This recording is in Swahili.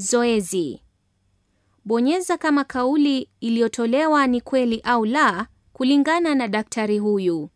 Zoezi: bonyeza kama kauli iliyotolewa ni kweli au la kulingana na daktari huyu.